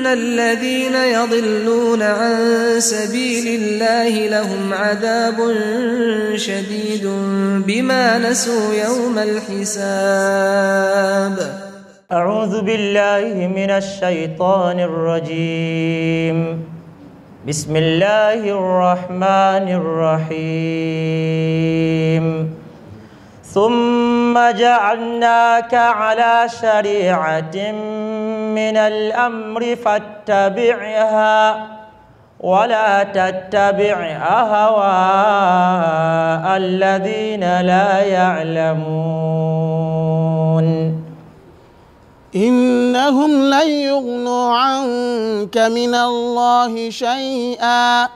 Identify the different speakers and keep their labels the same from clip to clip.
Speaker 1: ان الذين يضلون عن سبيل الله لهم عذاب شديد بما نسوا يوم الحساب اعوذ بالله من الشيطان الرجيم بسم الله الرحمن الرحيم ثم ثم جعلناك على شريعة من الأمر فاتبعها ولا تتبع أهواء الذين لا يعلمون إنهم لن يغنوا عنك من الله شيئا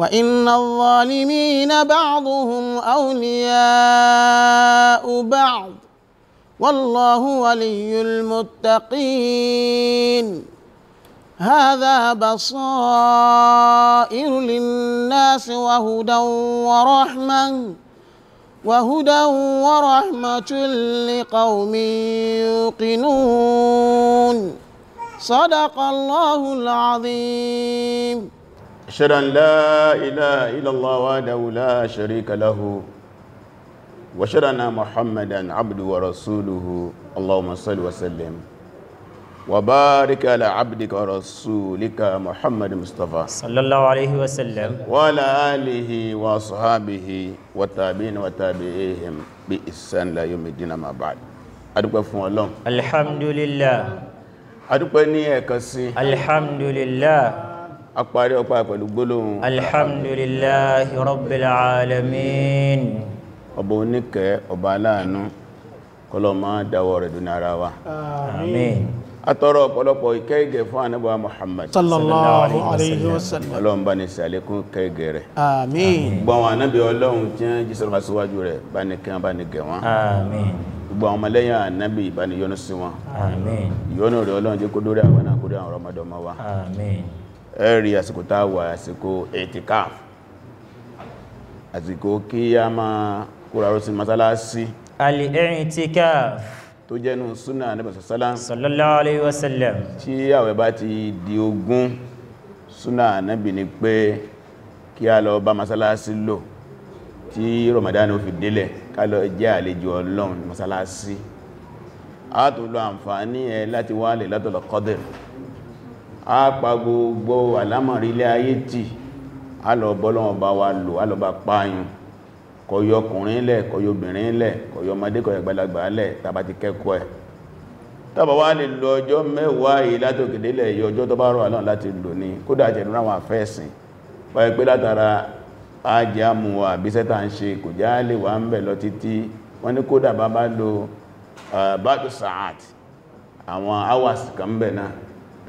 Speaker 1: وإن الظالمين بعضهم أولياء بعض والله ولي المتقين هذا بصائر للناس وهدى ورحمة وهدى ورحمة لقوم يوقنون صدق الله العظيم أشهد أن لا إله إلا الله وحده لا شريك له وأشهد أن محمدا عبده ورسوله اللهم صل وسلم وبارك على عبدك ورسولك محمد مصطفى صلى الله عليه وسلم وعلى آله وصحابه والتابعين وتابعيهم بإحسان لا يوم الدين ما بعد أدوك فون الله الحمد لله أدوك ني الحمد لله a parí ọpá pẹ̀lú gbólóhùn alhamdulillahi rabbil alamin ọba oníkẹ́ ọba aláàánú kọlọ máa dáwọ́ rẹ̀ dùn ara wa àmín atọ́rọ ọ̀pọ̀lọpọ̀ ìkẹ́ ìgẹ̀ fún ànábì Muhammad sallallahu alaihi wasallam ọlọ́run bá ní sàlékún kẹ́ ìgẹ̀ rẹ̀ àmín gbọ́n ànábì ọlọ́run tí ń jí sọ́rọ̀ síwájú rẹ̀ bá ní kẹ́ bá ní gẹ̀ wọ́n gbogbo àwọn ọmọlẹ́yìn ànábì bá sí wọn ìyọ́nú rẹ̀ ọlọ́run jẹ́ kó dórí àwọn àkórí àwọn ọmọdọmọ wa ẹ̀rí àsìkò tá wà àsìkò etikaf àsìkò kí a máa kúrarú sí masalasi al-i'tikaf tó jẹ́nu súnà anẹ́bàsọ̀sálá sallallahu alayhi tí ti di ogún súnà anẹ́bì ni pé a lọ bá masalasi lò tí Ramadan ó fi délẹ̀ ká lọ jẹ́ àlejò Ọlọ́run masalasi a tó lo àǹfààní ẹ láti wá Laylatul Qadr a pa gbogbo àlámọ̀rí ilé ayé tì a lọ bọ́lọ́wọ́ bá wa lò a lọ bá páyùn kọ̀yọ ọkùnrin lẹ̀ kọ̀yọ obìnrin lẹ̀ kọ̀yọ ọmọdé kọ̀yọ gbalagbà lẹ̀ tàbá ti kẹ́kọ̀ọ́ ẹ̀ tàbá wá lè lọ ọjọ́ mẹ́wàá yìí látòkèdélẹ̀ yọ ọjọ́ tó bá rọ̀ àlọ́n láti lò ní àwọn hours kan bẹ̀ náà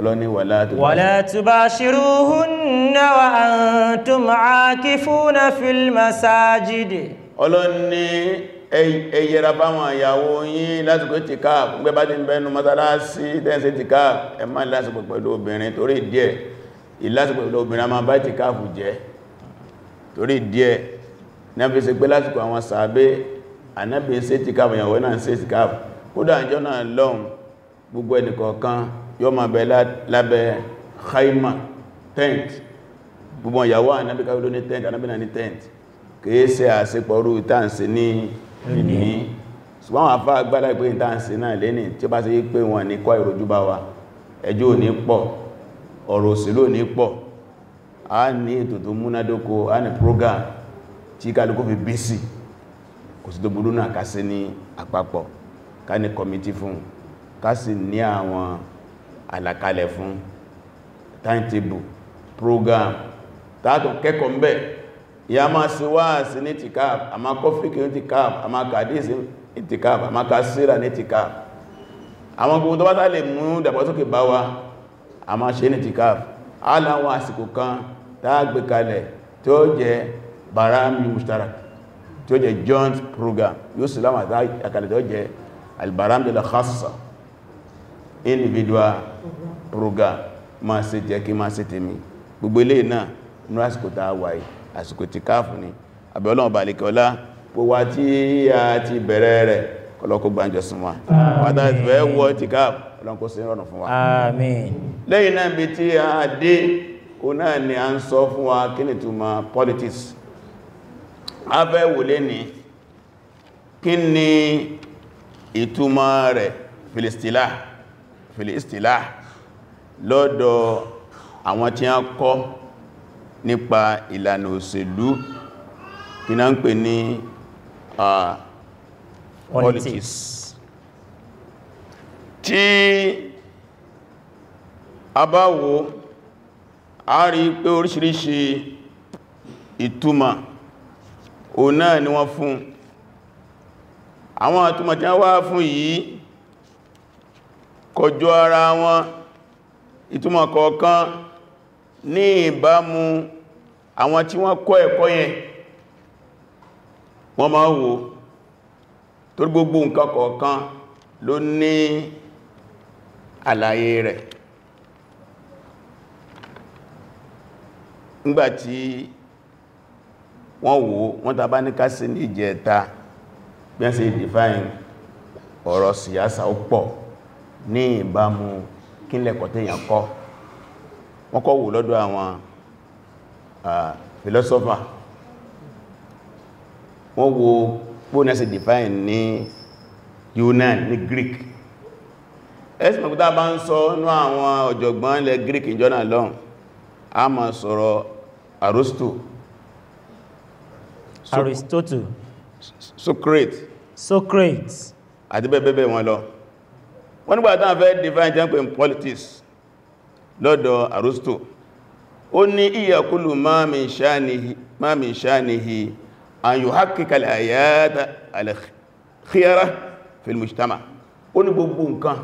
Speaker 1: ọlọ́ni wala tubashiruhunna wa antum aakifuna fil masajidi ọlọ́ni ẹ yẹra báwọn àyàwó yín lásìkò tìká gbẹ́ bá ti ń bẹnu mọ́sálásí tẹ́ẹ̀sẹ̀ tìká ẹ má lásìkò pẹ̀lú obìnrin torí díẹ̀ ìlásìkò pẹ̀lú obìnrin a máa bá tìká fù jẹ́ torí díẹ̀ ní a fi ṣe pé lásìkò àwọn sàábé ànábì ń ṣe tìká àyàwó náà ń ṣe tìká kódà ìjọ náà lọ́hùn gbogbo ẹnìkọ̀ọ̀kan yọ ma bẹ lábẹ́ haima tent gbogbo ìyàwó ànábí káwílò ní tent ànábínà ní tent kìí ṣe àṣepọ̀rú ìtànsì ní ìní ṣùgbọ́n àfá agbára ìpé ìtànsì náà lẹ́ni tí ó bá ṣe pé wọn ní kọ́ ìrojú bá wa ẹjọ́ ò ní pọ̀ ọ̀rọ̀ òṣèlú ò ní pọ̀ a ní ètò tó múnádóko a ní program tí kálukú kásì ní àwọn àlàkalẹ̀ fún timetable program tààtùn kẹ́kọ̀ọ́ ń bẹ̀ ya máa sí wáàsí ní tìkáàf a máa kọ́fíkì ní tìkáàf a máa kàdísì ní tìkáàf a máa kàsíra ní tìkáàf àwọn gbogbo tó bá tàà lè mú dàgbàsókè bá wa a máa ṣe ní tìkáàf aláwọn àsìkò kan tààgbé kalẹ̀ tí ó jẹ barami mushtarak tí ó jẹ joint program yóò sì láwọn àtàkàlẹ̀ tí ó jẹ albaram de la khasa individual program ma ṣe jẹ́ kí ma ṣe tèmi gbogbo ilé náà ní àsìkò tá a wà yìí àsìkò tí káàfù ní àbẹ̀ọ́lọ́ ọ̀bàlẹ̀kọ́lá gbogbo tí a ti bẹ̀rẹ̀ rẹ̀ kọlọ́kọ́ gbáǹjọ́ sún sí rọrùn ni a ń kí ni politics a fẹ́ wò lé ní ìtumọ̀ rẹ̀ filistilá fìlì ìstìlá lọ́dọ̀ àwọn tí a kọ́ nípa ìlànà òṣèlú kí náà ń pè ní politics tí a bá wo a rí pé oríṣiríṣi ìtumọ̀ òun náà ni wọ́n fún àwọn ìtumọ̀ tí a wá fún yìí kọjọ ara wọn ìtumọ̀ kọ̀ọ̀kan ní ìbámu àwọn tí wọ́n kọ́ ẹ̀kọ́ yẹn wọ́n máa wò tó gbogbo nǹkan kọ̀ọ̀kan ló ní àlàyé rẹ̀ nígbàtí wọ́n wò wọ́n tàbá ní kásí ní ìjẹta bí wọ́n ṣe define ọ̀rọ̀ síyásá ó pọ̀ ní ìbámu kílẹ̀kọ̀ tèyàn kọ́ wọ́n kọ́ wò lọ́dọ̀ àwọn philosopher wọ́n wo pónẹ́sì define ní Yunan ní Greek ẹ̀sìn mọ̀kútà bá ń sọ ní àwọn ọ̀jọ̀gbọ́n ilẹ̀ Greek ìjọ́nà lọ́n a máa sọ̀rọ̀ Aristo Aristotle Socrates Socrates àti bẹ́ẹ̀bẹ́ẹ̀ wọn lọ wọ́n nígbà tán fẹ́ define temple in politics lọ́dọ̀ Aristo ó ní iyakulu ma min shanihi ma min shanihi an yuhaqqiqa al-ayata al-khiyara fil mujtama ó ní gbogbo nǹkan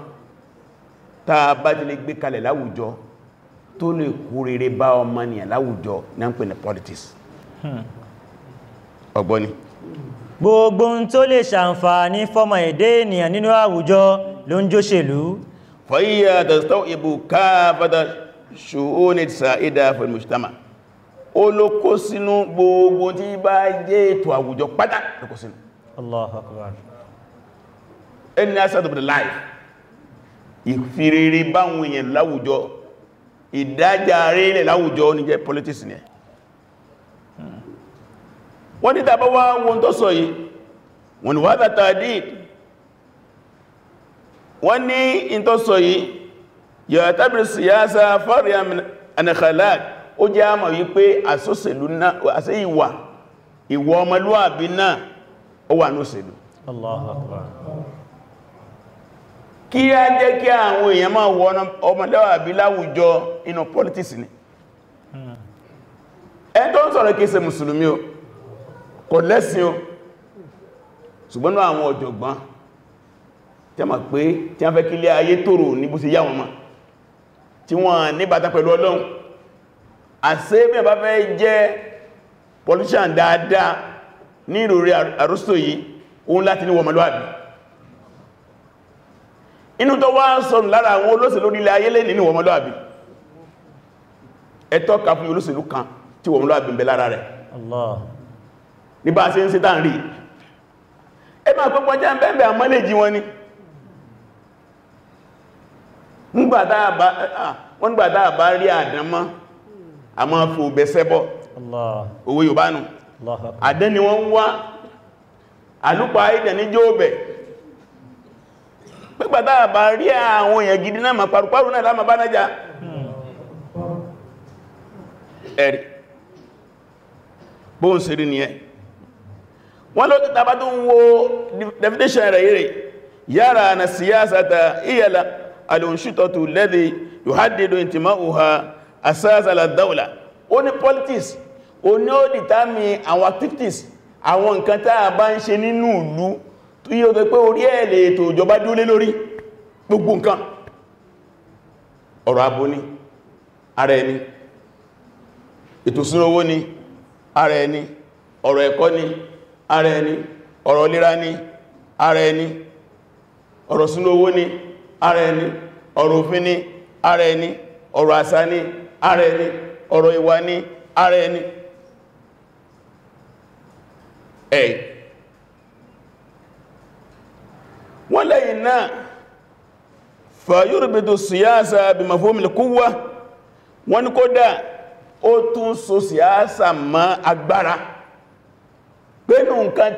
Speaker 1: tá a bá ti lè gbé kalẹ̀ láwùjọ tó lè kú rere bá ọmọnìyàn láwùjọ ní ń pè ní politics hmm. ọgbọ́ni gbogbo tó lè ṣàǹfààní fọ́mọ èdè ènìyàn nínú àwùjọ ló ń jóṣèlú fọ́yíyà tàstọ́ ìbò káàbátà ṣòónì sàídà fẹ̀lmùsítàmà ó ló kó sínú gbogbo tí bá jẹ́ ètò àwùjọ pátá ló kó sínú Allahu Akbar any aspect of the life ìfìrìrì báwọn èèyàn láwùjọ ìdájà rẹ̀ láwùjọ ní jẹ́ politics ni wọ́n ní tàbá wá wọn tó sọ yìí wọ́n ni wá tàtàdìdì wọ́n ní in tó sọ yìí yà tábìrì síyásá fọ́ríà anìkàláàd ó jẹ́ àmà wípé àsọ́sẹ̀lú náà àṣẹ ìwà ìwọ ọmọlúwàbí náà ó wà ní òṣèlú Allahu Akbar kí á jẹ́ kí àwọn èèyàn máa wọ ọmọlúwàbí láwùjọ inú politics ni hmm. ẹ ń sọ̀rọ̀ kìí ṣe mùsùlùmí kò lẹ́sìn o ṣùgbọ́n àwọn ọ̀jọ̀gbọ́n tí a mọ̀ pé tí a fẹ́ kí lé ayé tòrò ní bó ṣe yá wọn mọ̀ tí wọ́n níbàtà pẹ̀lú ọlọ́run àṣẹ bí bá fẹ́ jẹ́ politician dáadáa ní ìròrí àrústò yìí òun láti ní wọmọlúwàbí inú tó wá ń sọ̀rọ̀ lára àwọn olóṣèlú Allah ní bá a ṣe ń ṣe tàn rí ẹ máa pẹ́pọ̀ jẹ́ ń wọn ni wọ́n nígbàtá àbá rí àdánmọ́ a máa fi òbẹ̀ sẹ́bọ̀ owó yóò bá nù àdán ni wọ́n wá àlúpa ìdẹ̀ ní jóòbẹ̀ pípàtà àbá rí àwọn èèyàn gidi náà ma paruparu náà láma bá nájá hmm. ẹ̀rì bóhùn sí rí ni ẹ wọ́n ló títà bá tó ń wo definition rẹ̀ yìí yára na siyasa siyasata iyala alonṣútọ̀tù lẹ́dẹ̀ yóhádìdò ìtìmá òhà asásàlá dáwùlá ó ní politics ó ní ó dìtàmì àwọn activities àwọn nǹkan tá a bá ń ṣe nínú ìlú tó yíò tó pé orí ẹ̀lẹ̀ ètò ìjọba dúlé lórí gbogbo nǹkan ọ̀rọ̀ abo ni ara ẹni ètò sínúwó ni ara ẹni ọ̀rọ̀ ẹ̀kọ́ ni ni ara ẹni ọ̀rọ̀ òfin ni ara ẹni ọ̀rọ̀ àṣà ni ara ẹni ọ̀rọ̀ ìwà ni ara ẹni ẹ̀ wọ́n lẹ́yìn náà fàyúrùbìtò síyásà bí mafómìlì kúwà wọ́n kó kódà ó tún so síyásà ma agbára pẹ́nu nǹkan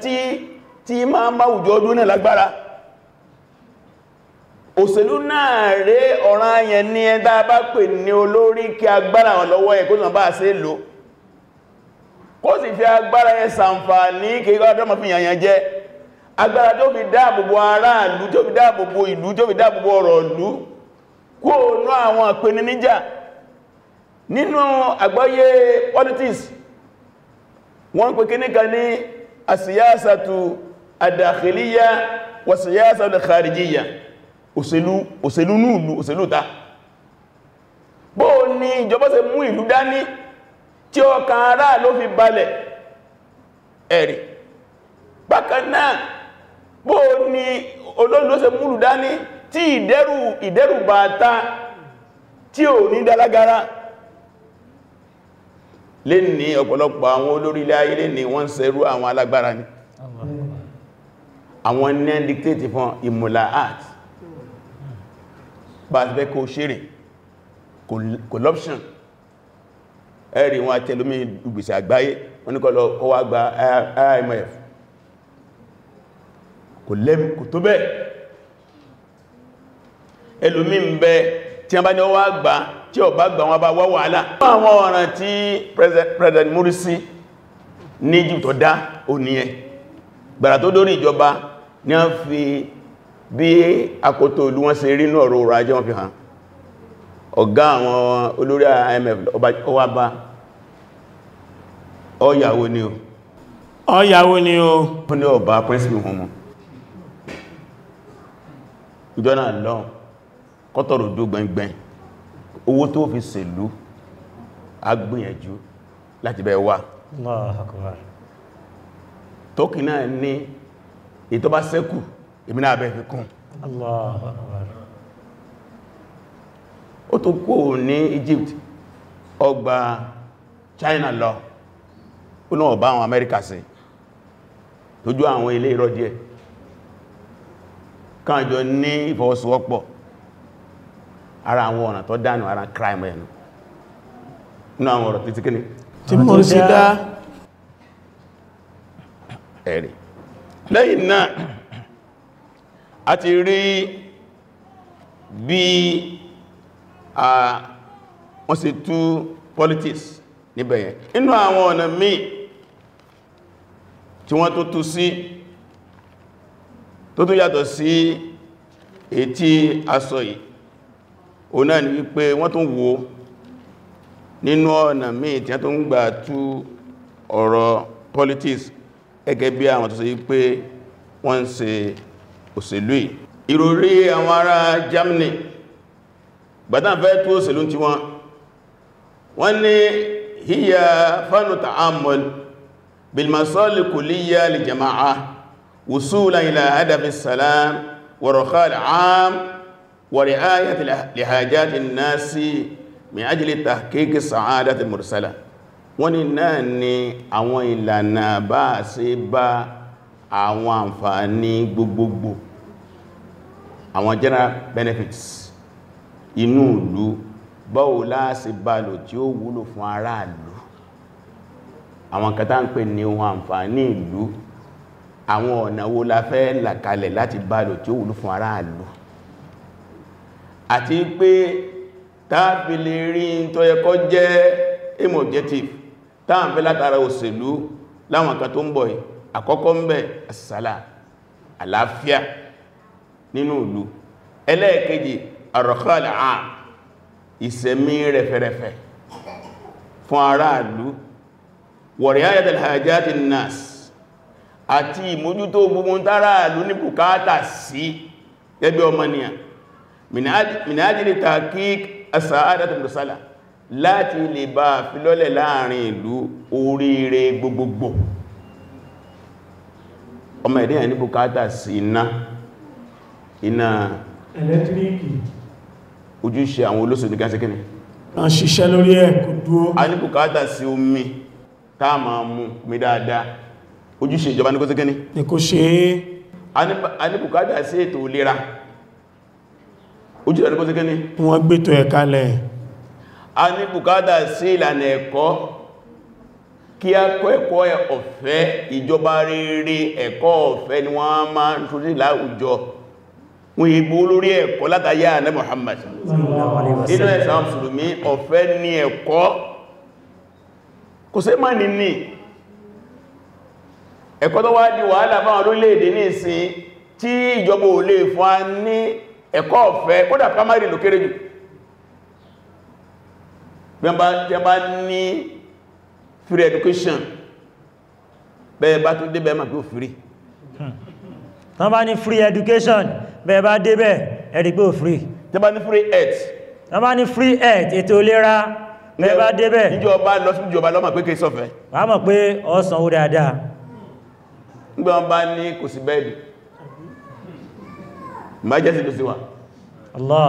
Speaker 1: tí ma máa máa wùjọ ọdún náà lágbára òṣèlú náà rí ọ̀ràn ayẹn ní ẹgbà bá pè ní olórí kí agbára wọn lọ́wọ́ ẹ̀ kó náà bá ṣe lò kó sì fi agbára ẹ sàǹfàní kí ọdọ́mọ̀ fi yànyàn jẹ́ agbára tó fi dáàbòbò aráàlú tó fi dáàbòbò ìlú tó fi dáàbòbò ọ̀rọ̀ ìlú òṣèlú òṣèlú núùlù òṣèlú ta bó ní ìjọba ṣe mú ìlú dání tí ọkàn ará ló fi balẹ̀ ẹ̀rì bákan náà bó ní olóòlò ṣe múlù dání tí ìdẹ́rù ìdẹ́rù bàtà tí ò ní dálágara lè ní ọ̀pọ̀lọpọ̀ àwọn olórí ilé ayé lè ní wọ́n ṣerú àwọn alágbára ni àwọn ní dictate fún ìmùlà art bá ti kó ṣeré corruption ẹ̀rì wọn àti ẹlòmí ìgbèsè àgbáyé wọn ní kó lọ ó gba IMF kò lẹ́m kò tó bẹ́ ẹlòmí ń bẹ tí a bá ní ó wá gba tí ó bá gba wọn bá wá wàhálà àwọn ọ̀ràn tí President Morsi ní Egypt tó dá ò níyẹn gbàrà tó dórí ìjọba ní a fi bí akoto ìlú wọn ṣe rí náà ro ọrọ̀ ajé wọn fi hàn ọ̀gá àwọn olórí IMF ọwá bá ọ̀yàwó ni o ọ̀yàwó ni o ó ní ọba pẹ́sìmì wọn mọ̀ ìjọ náà lọ kọ́tọ̀rọ̀ ojú gbẹngbẹn owó tó fi ṣèlú agbìyànjú láti bẹ̀ wà Allahu Akbar tókì náà ní ètò sẹ́kù èmi náà bẹ́ẹ̀ fi kún Allahu ó tó kó ní Egypt ọgbà China lọ ó náà bá àwọn Amẹ́ríkà sí tójú àwọn ilé irọ́ káàjọ ní ìfọwọ́sowọ́pọ̀ ara àwọn ọ̀nà tó dánù ara crime ẹnu nínú àwọn ọ̀rọ̀ títí kíní tí mo sí dá ẹ̀rì lẹ́yìn náà a ti rí bí a wọ́n sì tú politics níbẹ̀yẹn inú àwọn ọ̀nà míì tí wọ́n tó tú sí tó tún yàtọ̀ sí ètí asọ yìí o náà ni wípé wọ́n tún wo nínú ọ̀nà míì tí wọ́n tún gbà tú ọ̀rọ̀ politics gẹ́gẹ́ bí àwọn tó sọ wípé wọ́n ń òṣèlú yìí ìròrí àwọn ará Germany gbàtàn fẹ́ tó òṣèlú tí wọ́n wọ́n ní hiya fanu ta'ammul bilmasoli kuliya li jama'a wusulan ila hadafi salam wa rakhal am wa ri'ayati lihajati nasi àwọn àǹfààní gbogbogbò àwọn general benefits inú ìlú báwo láàṣì balò tí ó wúlò fún aráàlú àwọn kàtà ń pè ní ohun àǹfààní ìlú àwọn ọ̀nà wo la fẹ́ làkalẹ̀ láti balò tí ó wúlò fún aráàlú àti pé tàbí rí tó yẹ jẹ́ aim objective látara òṣèlú láwọn kan tó ń bọ̀ yìí àkọ́kọ́ ń bẹ àsàlá àlàáfíà nínú ìlú ẹlẹ́ẹ̀kejì àrọ̀kọ́lá ìsẹ̀mí rẹ̀fẹ̀rẹ̀fẹ̀ fún aráàlú wọ̀rẹ̀ ayẹ́dẹ̀ hajjáti nas àti ìmójútó gbogbo tàráàlú ní bùkátà sí ẹgbẹ́ ọmọnìyàn minajili takik asa'adat ọmọ ẹ̀dẹ́ yẹn ní bùkátà sí iná iná ẹ̀lẹ́tíríkì ojúṣe àwọn olóṣò ní gáṣẹ́ kíni a ṣiṣẹ́ lórí ẹ̀ kò dúó a ní bùkátà sí omi táà ma mú mi dáadáa ojúṣe ìjọba ní kó sí kíni ní kó ṣe é a ní bùkátà sí ètò ìlera ojúṣe ìjọba ní kó sí kíni wọ́n gbétò ẹ̀ kalẹ̀ kí a kọ́ ẹ̀kọ́ ọ̀fẹ́ ìjọba rere ẹ̀kọ́ ọ̀fẹ́ ni wọ́n máa ń tún sí láwùjọ wọ́n igbó lórí ẹ̀kọ́ látàyà ànẹ́ Muhammad inú ẹ̀sàn mùsùlùmí ọ̀fẹ́ ní ẹ̀kọ́ kò sí máa nìní ẹ̀kọ́ tó wá di wàhálà fáwọn orílẹ̀-èdè ní ìsìn tí ìjọba ò lè fún a ní ẹ̀kọ́ ọ̀fẹ́ kódà primary lókèrè jù bí wọ́n bá ní free education bẹ́ẹ̀ bá tó débẹ̀ ma gbó free hmm. tán bá ní free education bẹ́ẹ̀ bá débẹ̀ ẹ̀rí pé free tán bá ní free health tán bá ní free health ètò ìlera bẹ́ẹ̀ bá débẹ̀ ìjọba lọ sí ìjọba lọ́mọ̀ pé kí sọ́fẹ́ wà mọ̀ pé ọ̀sán ó dáadáa nígbà wọn bá Allah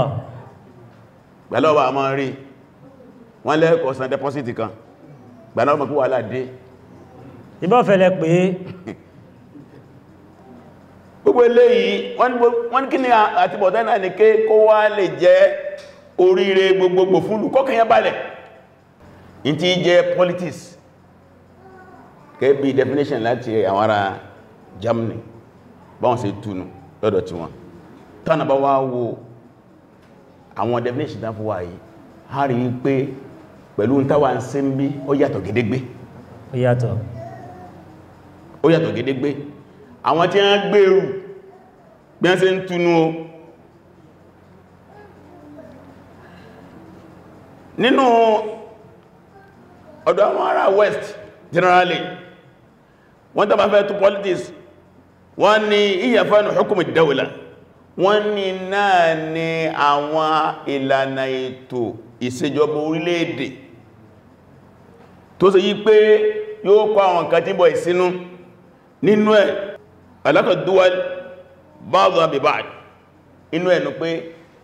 Speaker 1: pẹ̀lọ́wà a máa rí wọ́n lẹ́ẹ̀kọ̀ọ́sán deposit kan gbaná ọmọ kí wà láàdé ìbọn fẹ́lẹ̀ pé gbogbo eléyìí wọ́n kí ni àtibọ̀tán náà ní ké kó wá lè jẹ́ oríire gbogbogbò fúnlù kọ́kànyẹ balẹ̀ in ti jẹ́ politics kẹ́bí definition láti àwọn ará Germany báwọn ṣe túnú lọ́dọ̀ tí wọ́n tánàbá wá wo àwọn definition tán fún wáyé a rí pé pẹ̀lú táwà ń sí ń bí ó yàtọ̀ gédégbé ó yàtọ̀ ó yàtọ̀ gédégbé àwọn tí wọ́n gbèrú bí ń túnú o nínú ọ̀dọ̀ àwọn ará west generally wọ́n tàbí fẹ́ tó politics wọ́n ní ìyàfẹ́nu hukumu dawla wọ́n ní náà ni àwọn ìlànà ètò ìṣèjọba orílẹ̀-èdè tó ṣe yí pé yóò kọ àwọn nǹkan tí bọ̀ ìsinú nínú ẹ̀ alátọ̀dúwà báwọn àbìbà inú ẹ̀nu pé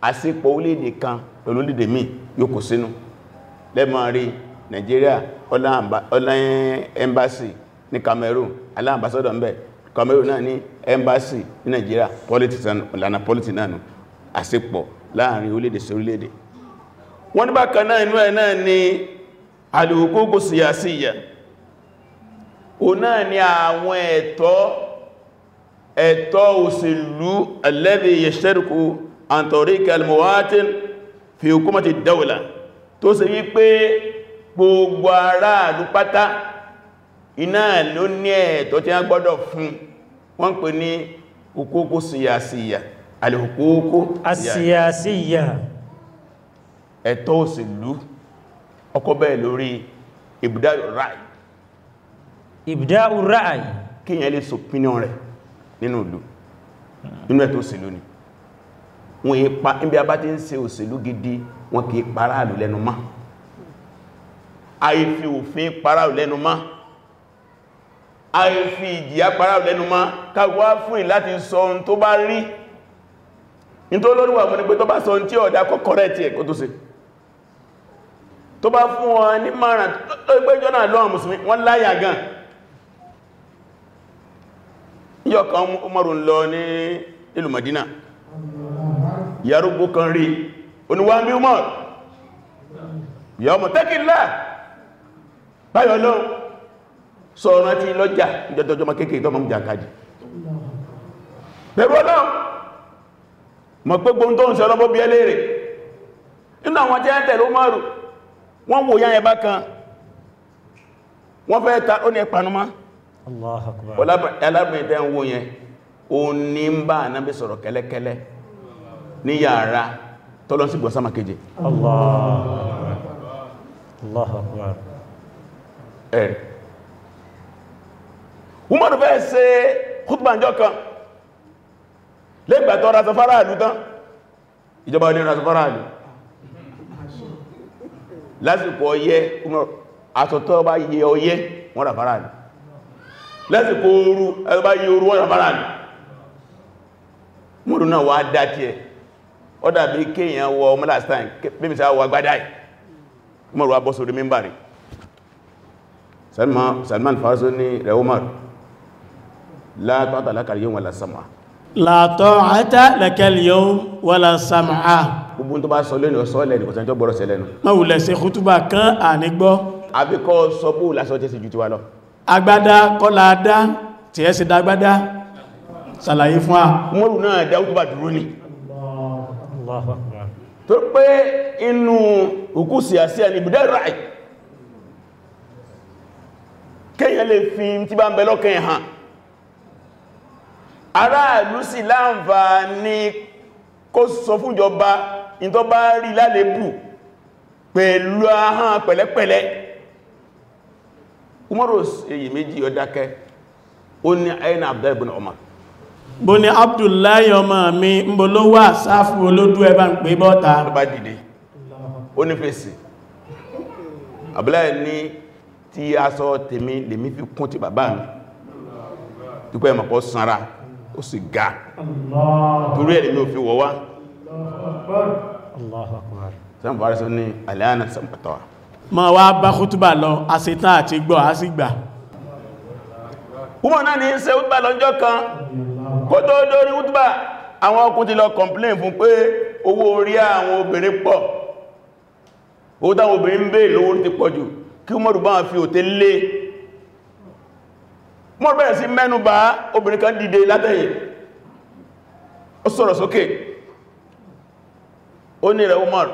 Speaker 1: àṣepọ̀ orílẹ̀-èdè kan pẹ̀lú orílẹ̀-èdè yóò kò sínú lẹ́mọ̀ rí Nigeria Cameroon aláàmbásọ́dọ̀ ń bẹ Cameroon náà ní Nigeria politics and lana politics náà àṣepọ̀ láàrin orílẹ̀-èdè sí orílẹ̀-èdè wọ́n ní bákan náà inú ẹ̀ náà ni alìhùkúkù síyàsíyà o náà ni àwọn ẹ̀tọ́ ẹ̀tọ́ òṣèlú alladhi yashtariku an tariqi al-muwatin fi hukumati ad-dawla tó ṣe wípé gbogbo aráàlú pátá iná ló ní ẹ̀tọ́ tí a wọ́n pè ẹ̀tọ́ òṣèlú ọkọ̀ bẹ́ẹ̀ lórí ìbùdáyò ráì ìbùdáyò ráì kí yẹn lè sọpínà rẹ̀ nínú ìlú nínú ẹ̀tọ́ òṣèlú ni wọ́n yí pa níbi a bá ti ń ṣe òṣèlú gidi wọn kì í paráàlù lẹ́nu mọ́ àìfi òfin paráàlù lẹ́nu mọ́ àìfi ìjìyà paráàlù lẹ́nu mọ́ káwọ́ fún ìláti sọ ohun tó bá rí ní tó lórí wà mú ní pé tó tó bá fún wọn ní márùn tó gbẹ́jọ́ náà lọ́wọ́ musulmi wọ́n láyà gan yọ́kan umaru lọ ní ìlú madina yarúgbó kan rí oníwà bí umar yọ mọ̀ tẹ́kìlá báyọ̀ lọ sọ̀rọ̀ tí lọ́jà ìjọdọ̀jọ́ ma kéèkéè tó mọ́ jàkájì bẹ̀rù ọlọ́ mọ̀ pé gbóhun tó ń sọ ọlọ́bọ́ bí ẹlẹ́rẹ̀ inú àwọn jẹ́ tẹ̀lú márùn wọ́n wò yá ẹbá kan wọ́n fẹ́ ta ó ní ẹpanumá alábìnrin tẹ́ ń wó yẹn ó ní ń bá ànábì sọ̀rọ̀ kẹ́lẹ́kẹ́lẹ́ ní yàrá tọ́lọ́sí gbọ́ sáma keje Umaru fẹ́ ṣe kútbànjọ́ kan lẹ́gbàtọ́ rasafáràlú tán ìjọba olè rasafáràlú lásìkò ọyẹ́ àtọ̀tọ́ bá yẹ ọyẹ́ wọ́n rà fara ní lásìkò ooru ẹgbẹ́ bá yẹ ooru wọ́n rà fara ní múrù náà wà dáti ẹ̀ ọ dàbí kéèyàn wọ mọ́lásán mímísà wà gbádáì mọ́rù wà bọ́ sórí mímbàrí Salman Farisi ní rẹ̀ Umar yóò wà lásàmà gbogbo tó bá sọ lẹ́nu ọ̀sọ́ lẹ́nu kọ̀tẹ́ tó gbọ́rọ̀ sẹ́lẹ́nu ma wùlẹ̀ sí kútúbà kan ànígbọ́ àbíkọ́ sọ bó lásọ tẹ́ sí jù ti wá lọ agbádá kọ́lá dá tí ẹ́ sì dágbádá sàlàyé fún à mọ́rù náà dá kútúbà dúró ní tó pé inú òkú síyàsí láǹfà ní kó sọ fún ìjọba in tó bá rí lálébù pẹ̀lú ahán pẹ̀lẹ́pẹ̀lẹ́ umaros èyí méjì ọdákẹ́ ó ní ayna abdullahi ibn umar bó ní abdullahi ọmọ mi ń bó ló wà sáfù olódú ẹbá ń pè bọ́ta ló bá dìde ó ní fèsì abdullahi ní tí a sọ tèmi lèmi fi kún ti bàbá mi dúpẹ́ mọ̀kọ́ sanra ó sì ga torí ẹ̀lẹ́mi ò fi wọ́wá Allahu Akbar sọ́n buhari sọ ní aláàna sọpọ̀tọ̀ ma wá bá kútùbà lọ a sì tán àti gbọ́ a sì gbà púpọ̀ náà ní ṣe kútùbà lọ́jọ́ kan kó tó dórí kútùbà àwọn ọkùn ti lọ kọ̀mplẹ̀n fún pé owó orí àwọn obìnrin pọ̀ owó táwọn obìnrin ń bè lówó ti pọ̀ jù kí mọ́rù bá fi òté lé mọ́rù bẹ̀rẹ̀ sí mẹ́nu bà obìnrin kan dìde látẹ̀yìn ó ó ní rẹ̀ Umar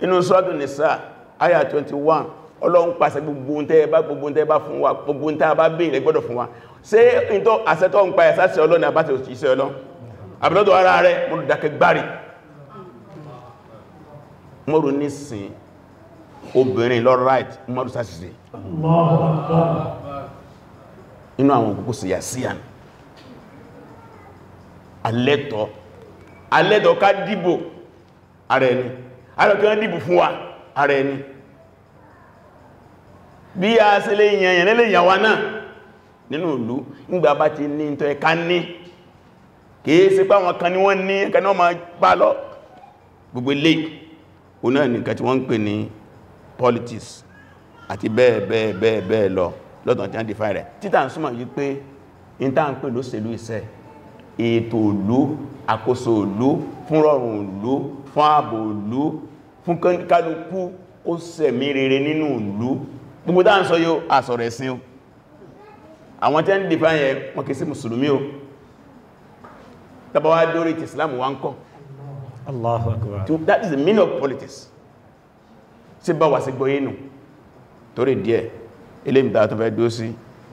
Speaker 1: inú sọ́dún nìsá àyà 21 ọlọ́run pàṣẹ gbogbo ń tẹ́ bá gbogbo ń tẹ́ bá fún wa gbogbo ń tẹ́ bá béèrè gbọ́dọ̀ fún wa ṣe ìntọ́ àṣẹ́tọ́ ń pa ẹ̀sá sí ọlọ́run àbáṣẹ́ òṣìṣẹ́ ọlọ́run àbílọ́dọ̀ ara rẹ̀ mọ́rù dákẹ́ gbárí mọ́rù nísìn obìnrin right mọ́rù sáṣìṣẹ́ inú àwọn òkùnkùn sí yà sí àlẹ́tọ̀ọ́ alẹ́dọ̀ká dìbò ààrẹ ni alẹ́dọ̀ká dìbò fún wa ààrẹ bí a ṣe lè yẹnyẹn lè yàwá náà nínú ìlú nígbà bá ti ní ìtọ́ ẹ̀ká ní kìí sí pá wọn kan ní wọ́n ní náà lọ gbogbo ilé òun nìkan tí wọ́n ń pè ní politics àti bẹ́ẹ̀ bẹ́ẹ̀ bẹ́ẹ̀ bẹ́ẹ̀ lọ tí a ń rẹ̀ títà ń súnmọ̀ yí pé àkóso ìlú fún rọrùn ìlú fún ààbò ìlú fún kálukú ó sẹ̀mí rere nínú ìlú gbogbo dáa ń sọ yóò àsọ̀rọ̀ ẹ̀sìn o àwọn tẹ́ ń dìfà yẹ wọn kìí sí mùsùlùmí o tàbáwá dórí ti islam wá ń kọ́ Akbar that is the meaning of politics sí bá wà sí gbọ́ yínú torí díẹ̀ ilé ìdáyàtọ̀ fẹ́ dó sí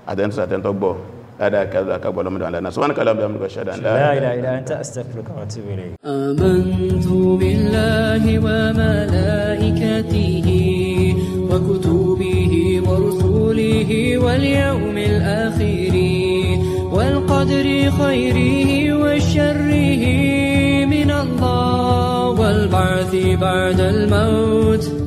Speaker 1: àtẹ́ntọ́ àtẹ́ntọ́ gbọ́ لا كذا كذا من على الناس سبحانك اللهم وبحمدك اشهد ان لا اله الا انت استغفرك واتوب اليك امنت بالله وملائكته وكتبه ورسله واليوم الاخر والقدر خيره وشره من الله والبعث بعد الموت